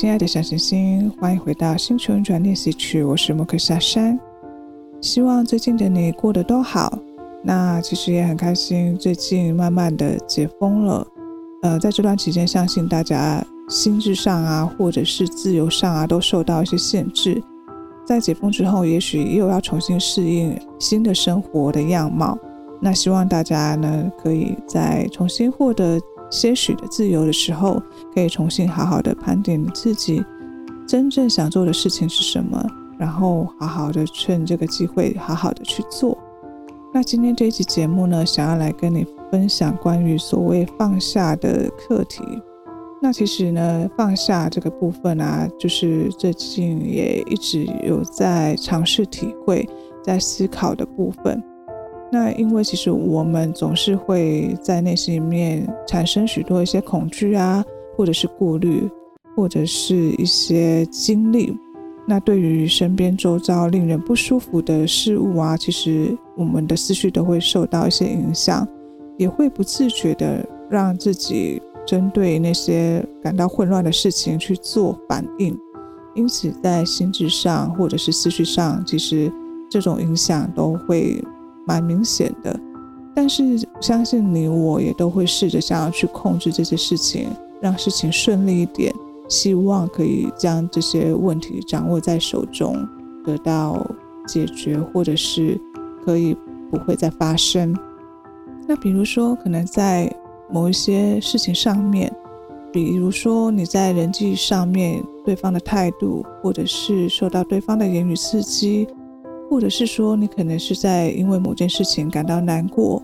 親愛的小星星，歡迎回到星球轉練習曲，我是莫克夏山。希望最近的你過得都好。那其實也很開心，最近慢慢的解封了。呃，在這段期間，相信大家心智上啊，或者是自由上啊，都受到一些限制。在解封之後，也許又要重新適應新的生活的樣貌。那希望大家呢，可以再重新獲得。些許的自由的時候，可以重新好好的盤點自己真正想做的事情是什麼，然後好好的趁這個機會好好的去做。那今天這期節目呢，想要來跟你分享關於所謂放下的課題。那其實呢，放下這個部分啊，就是最近也一直有在嘗試體會、在思考的部分。那因為其實我們總是會在內心裡面產生許多一些恐懼啊，或者是顧慮，或者是一些經歷。那對於身邊周遭令人不舒服的事物啊，其實我們的思緒都會受到一些影響，也會不自覺地讓自己針對那些感到混亂的事情去做反應。因此，在心智上或者是思緒上，其實這種影響都會蠻明顯的，但是相信你我也都會試着想要去控制這些事情，讓事情順利一點，希望可以將這些問題掌握在手中，得到解決，或者是可以不會再發生。那比如說，可能在某一些事情上面，比如說你在人際上面對方的態度，或者是受到對方的言語刺激。或者是說，你可能是在因為某件事情感到難過，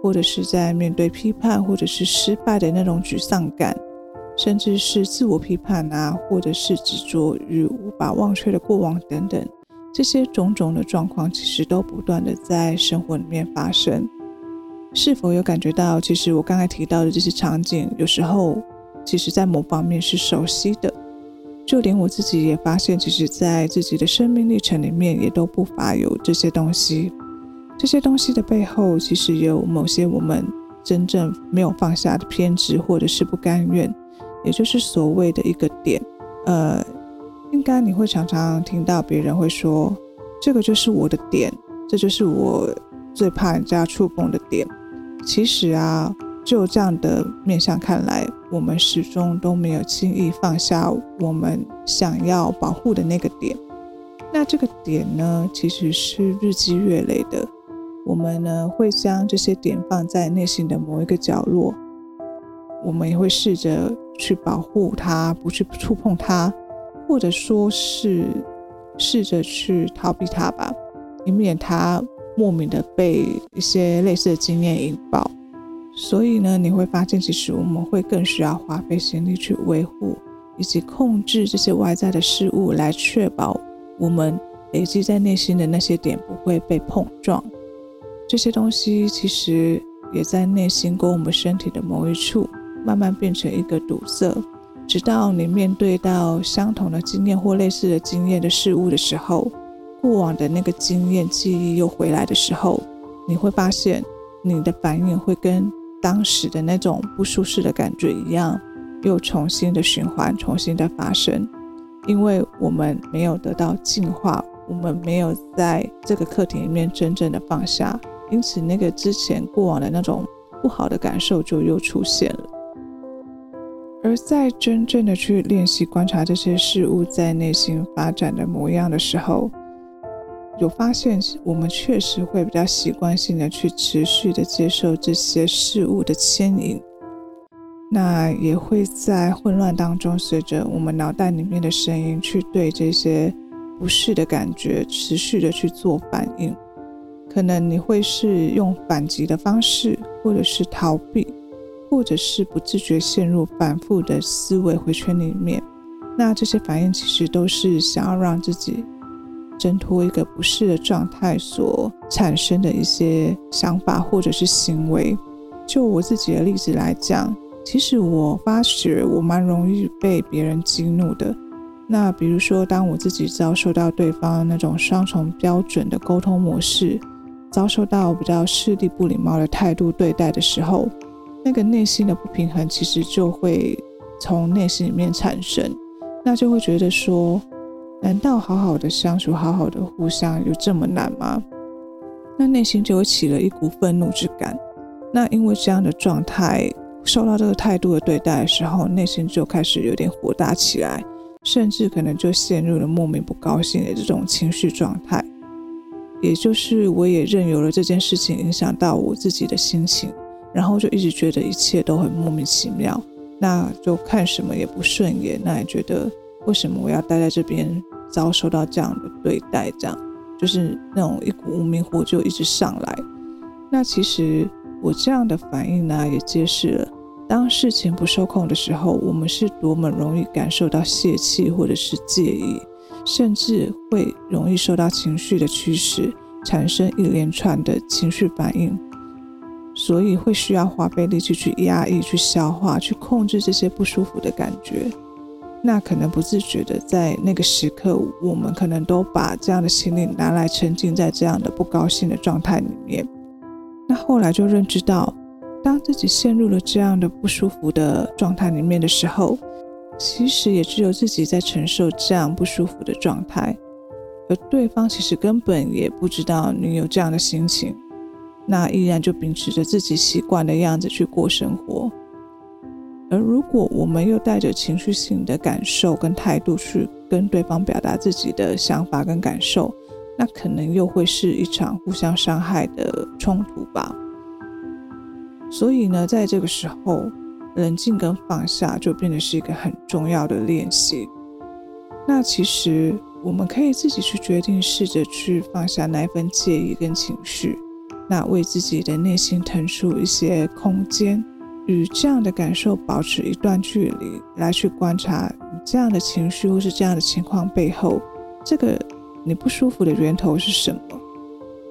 或者是在面對批判，或者是失敗的那種沮喪感，甚至是自我批判啊，或者是執着於無法忘卻的過往等等，這些種種的狀況，其實都不斷的在生活裡面發生。是否有感覺到，其實我剛才提到的這些場景，有時候，其實在某方面是熟悉的？就連我自己也發現，其實，在自己的生命歷程裡面，也都不乏有這些東西。這些東西的背後，其實也有某些我們真正沒有放下的偏執，或者是不甘願，也就是所謂的一個點。呃，應該你會常常聽到別人會說，這個就是我的點，這就是我最怕人家觸碰的點。其實啊。就這樣的面向看來，我們始終都沒有輕易放下我們想要保護的那個點。那這個點呢，其實是日積月累的。我們呢會將這些點放在內心的某一個角落，我們也會試着去保護它，不去觸碰它，或者說，是試着去逃避它吧，以免它莫名的被一些類似的經驗引爆。所以呢，你會發現，其實我們會更需要花費心力去維護以及控制這些外在的事物，來確保我們累積在內心的那些點不會被碰撞。這些東西其實也在內心跟我們身體的某一處慢慢變成一個堵塞，直到你面對到相同的經驗或類似的經驗的事物的時候，過往的那個經驗記憶又回來的時候，你會發現你的反應會跟當時的那種不舒適的感覺一樣，又重新的循環，重新的發生，因為我們沒有得到淨化，我們沒有在這個課題裡面真正的放下，因此那個之前過往的那種不好的感受就又出現了。而在真正的去練習觀察這些事物在內心發展的模樣的時候，有發現，我們確實會比較習慣性的去持續的接受這些事物的牽引，那也會在混亂當中，隨着我們腦袋裡面的聲音去對這些不適的感覺持續的去做反應，可能你會是用反擊的方式，或者是逃避，或者是不自覺陷入反覆的思維回圈裡面，那這些反應其實都是想要讓自己。掙脫一個不適的狀態所產生的一些想法或者是行為。就我自己的例子來講，其實我發覺我蠻容易被別人激怒的。那比如說，當我自己遭受到對方的那種雙重標準的溝通模式，遭受到比較勢利不禮貌的態度對待的時候，那個內心的不平衡其實就會從內心裡面產生，那就會覺得說。難道好好的相處，好好的互相，有這麼難嗎？那內心就會起了一股憤怒之感。那因為這樣的狀態，受到這個態度的對待的時候，內心就開始有點火大起來，甚至可能就陷入了莫名不高興的這種情緒狀態。也就是我也任由了這件事情影響到我自己的心情，然後就一直覺得一切都很莫名其妙，那就看什麼也不順眼，那也覺得為什麼我要待在這邊？遭受到這樣的對待，這樣就是那種一股無名火就一直上來。那其實我這樣的反應呢，也揭示了，當事情不受控的時候，我們是多麼容易感受到洩氣或者是介意，甚至會容易受到情緒的驅使，產生一連串的情緒反應，所以會需要花費力氣去壓抑、去消化、去控制這些不舒服的感覺。那可能不自覺的，在那個時刻，我們可能都把這樣的心理拿來沉浸在這樣的不高興的狀態裡面。那後來就認知到，當自己陷入了這樣的不舒服的狀態裡面的時候，其實也只有自己在承受這樣不舒服的狀態，而對方其實根本也不知道你有這樣的心情，那依然就秉持着自己習慣的樣子去過生活。而如果我們又帶着情緒性的感受跟態度去跟對方表達自己的想法跟感受，那可能又會是一場互相傷害的衝突吧。所以呢，在這個時候，冷靜跟放下就變得是一個很重要的練習。那其實我們可以自己去決定，試着去放下那份介意跟情緒，那為自己的內心騰出一些空間。與這樣的感受保持一段距離，來去觀察你這樣的情緒或是這樣的情況背後，這個你不舒服的源頭是什麼？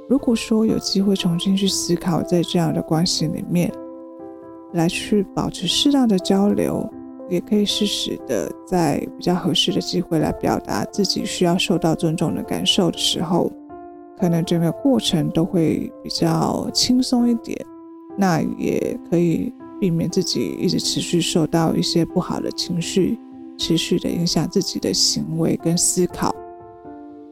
如果說有機會重新去思考，在這樣的關係裡面，來去保持適當的交流，也可以適時的在比較合適的機會來表達自己需要受到尊重的感受的時候，可能整個過程都會比較輕鬆一點。那也可以。避免自己一直持續受到一些不好的情緒，持續的影響自己的行為跟思考。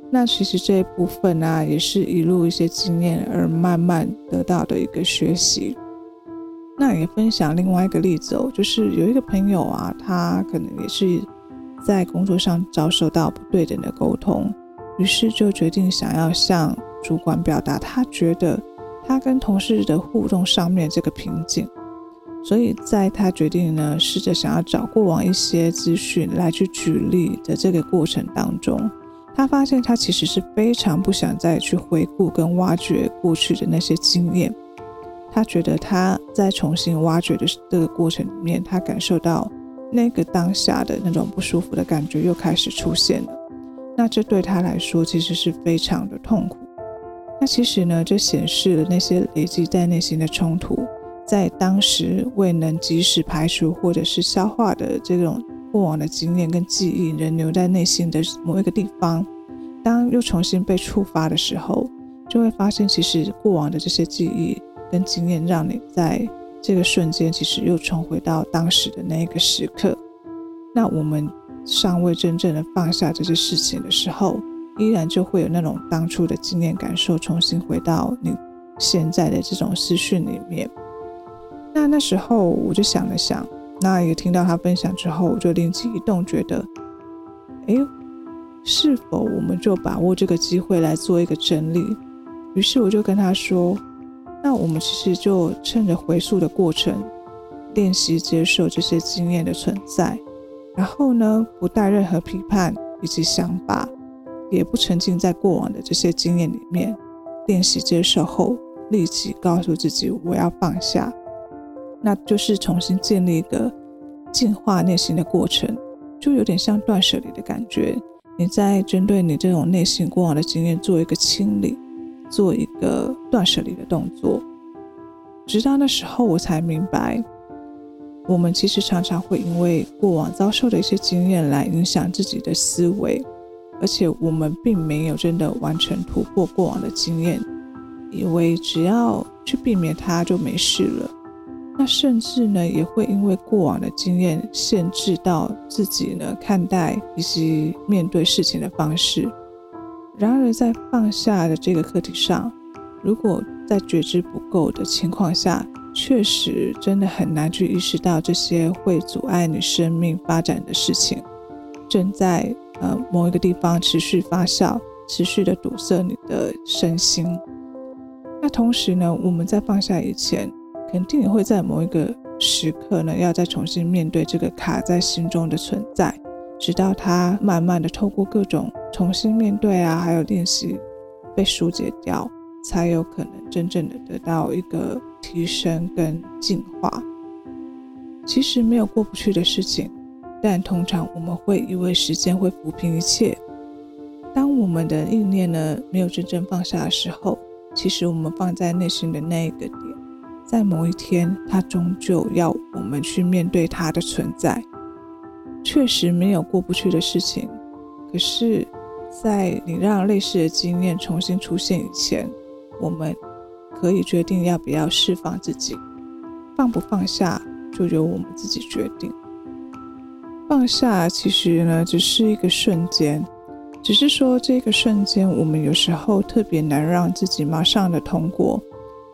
那其實這一部分呢、啊，也是一路一些經驗而慢慢得到的一個學習。那也分享另外一個例子，哦，就是有一個朋友啊，他可能也是在工作上遭受到不對等的溝通，於是就決定想要向主管表達，他覺得他跟同事的互動上面這個瓶頸。所以，在他決定呢，試着想要找過往一些資訊來去舉例的這個過程當中，他發現他其實是非常不想再去回顧跟挖掘過去的那些經驗。他覺得他在重新挖掘的這個過程裡面，他感受到那個當下的那種不舒服的感覺又開始出現了。那這對他來說其實是非常的痛苦。那其實呢，這顯示了那些累積在內心的衝突。在當時未能及時排除或者是消化的這種過往的經驗跟記憶，仍留在內心的某一個地方。當又重新被觸發的時候，就會發現，其實過往的這些記憶跟經驗，讓你在這個瞬間，其實又重回到當時的那一個時刻。那我們尚未真正的放下這些事情的時候，依然就會有那種當初的經驗感受，重新回到你現在的這種思緒裡面。那那時候我就想了想，那也聽到他分享之後，我就靈機一動，覺得，哎、欸，是否我們就把握這個機會來做一個整理？於是我就跟他說：“那我們其實就趁着回溯的過程，練習接受這些經驗的存在，然後呢，不帶任何批判以及想法，也不沉浸在過往的這些經驗裡面，練習接受後，立即告訴自己我要放下。”那就是重新建立一個淨化內心的過程，就有點像斷捨離的感覺。你在針對你這種內心過往的經驗做一個清理，做一個斷捨離的動作。直到那時候，我才明白，我們其實常常會因為過往遭受的一些經驗來影響自己的思維，而且我們並沒有真的完全突破過往的經驗，以為只要去避免它就沒事了。那甚至呢，也會因為過往的經驗限制到自己呢，看待以及面對事情的方式。然而，在放下的這個課題上，如果在覺知不夠的情況下，確實真的很難去意識到這些會阻礙你生命發展的事情，正在呃，某一個地方持續發酵，持續的堵塞你的身心。那同時呢，我們在放下以前，肯定也會在某一個時刻呢，要再重新面對這個卡在心中的存在，直到它慢慢的透過各種重新面對啊，還有練習，被疏解掉，才有可能真正的得到一個提升跟淨化。其實沒有過不去的事情，但通常我們會以為時間會撫平一切。當我們的意念呢沒有真正放下的時候，其實我們放在內心的那一個地方。在某一天，它終究要我們去面對它的存在。確實沒有過不去的事情，可是，在你讓類似的經驗重新出現以前，我們可以決定要不要釋放自己，放不放下就由我們自己決定。放下其實呢，只是一個瞬間，只是說這個瞬間，我們有時候特別難讓自己馬上的通過，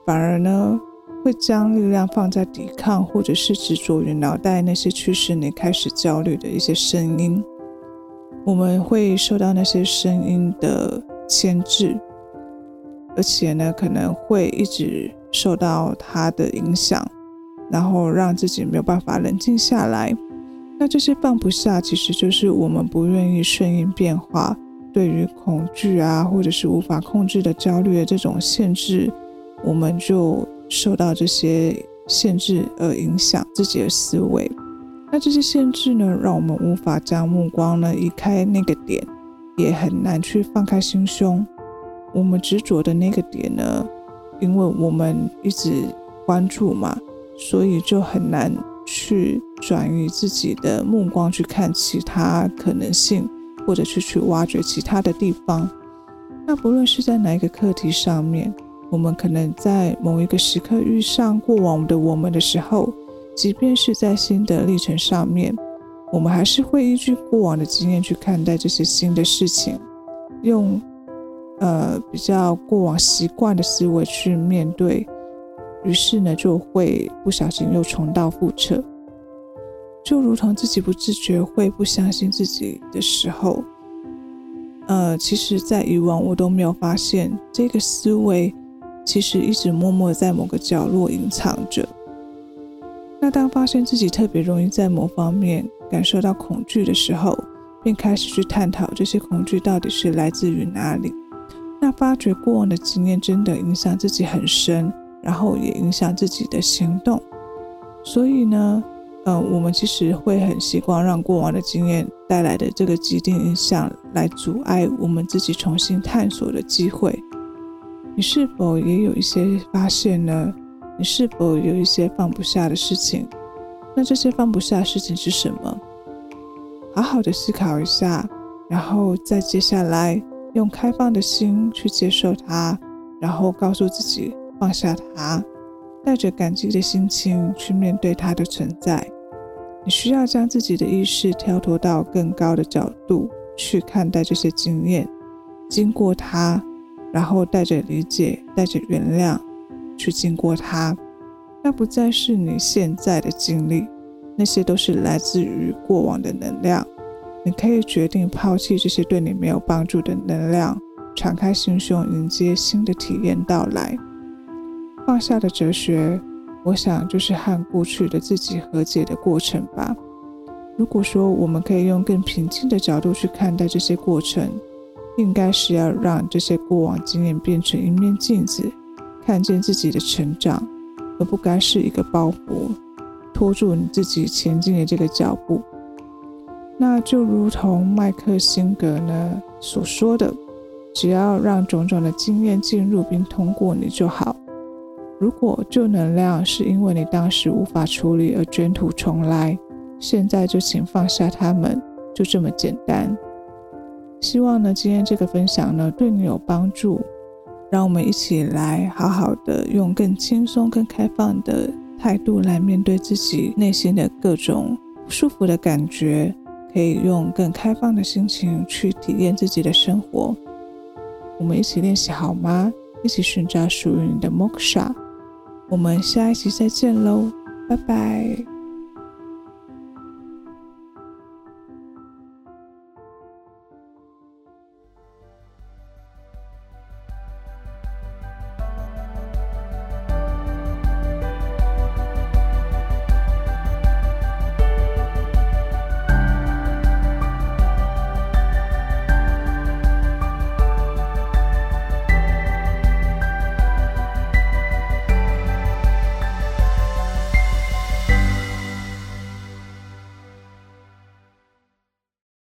反而呢。會將力量放在抵抗，或者是執着於腦袋那些驅使你開始焦慮的一些聲音。我們會受到那些聲音的牽制，而且呢，可能會一直受到它的影響，然後讓自己沒有辦法冷靜下來。那這些放不下，其實就是我們不願意順應變化，對於恐懼啊，或者是無法控制的焦慮的這種限制，我們就。受到這些限制而影響自己的思維，那這些限制呢，讓我們無法將目光呢移開那個點，也很難去放開心胸。我們執着的那個點呢，因為我們一直關注嘛，所以就很難去轉移自己的目光去看其他可能性，或者是去挖掘其他的地方。那不論是在哪一個課題上面。我們可能在某一個時刻遇上過往的我們的時候，即便是在新的歷程上面，我們還是會依據過往的經驗去看待這些新的事情，用呃比較過往習慣的思維去面對，於是呢就會不小心又重蹈覆轍，就如同自己不自覺會不相信自己的時候，呃，其實在以往我都沒有發現這個思維。其實一直默默在某個角落隱藏着。那當發現自己特別容易在某方面感受到恐懼的時候，便開始去探討這些恐懼到底是來自於哪裡。那發覺過往的經驗真的影響自己很深，然後也影響自己的行動。所以呢，嗯、呃，我們其實會很習慣讓過往的經驗帶來的這個既定影響，來阻礙我們自己重新探索的機會。你是否也有一些發現呢？你是否有一些放不下的事情？那這些放不下的事情是什麼？好好的思考一下，然後再接下來用開放的心去接受它，然後告訴自己放下它，帶着感激的心情去面對它的存在。你需要將自己的意識跳脫到更高的角度去看待這些經驗，經過它。然後帶着理解，帶着原諒，去經過它，那不再是你現在的經歷，那些都是來自於過往的能量。你可以決定拋棄這些對你沒有幫助的能量，敞開心胸迎接新的體驗到來。放下的哲學，我想就是和過去的自己和解的過程吧。如果說我們可以用更平靜的角度去看待這些過程，應該是要讓這些過往經驗變成一面鏡子，看見自己的成長，而不該是一個包袱，拖住你自己前進的這個腳步。那就如同麥克辛格呢所說的，只要讓種種的經驗進入並通過你就好。如果舊能量是因為你當時無法處理而捲土重來，現在就請放下它們，就這麼簡單。希望呢，今天這個分享呢對你有幫助，讓我們一起來好好的用更輕鬆、更開放的態度來面對自己內心的各種不舒服的感覺，可以用更開放的心情去體驗自己的生活。我們一起練習好嗎？一起尋找屬於你的 Moksha。我們下一集再見嘍，拜拜。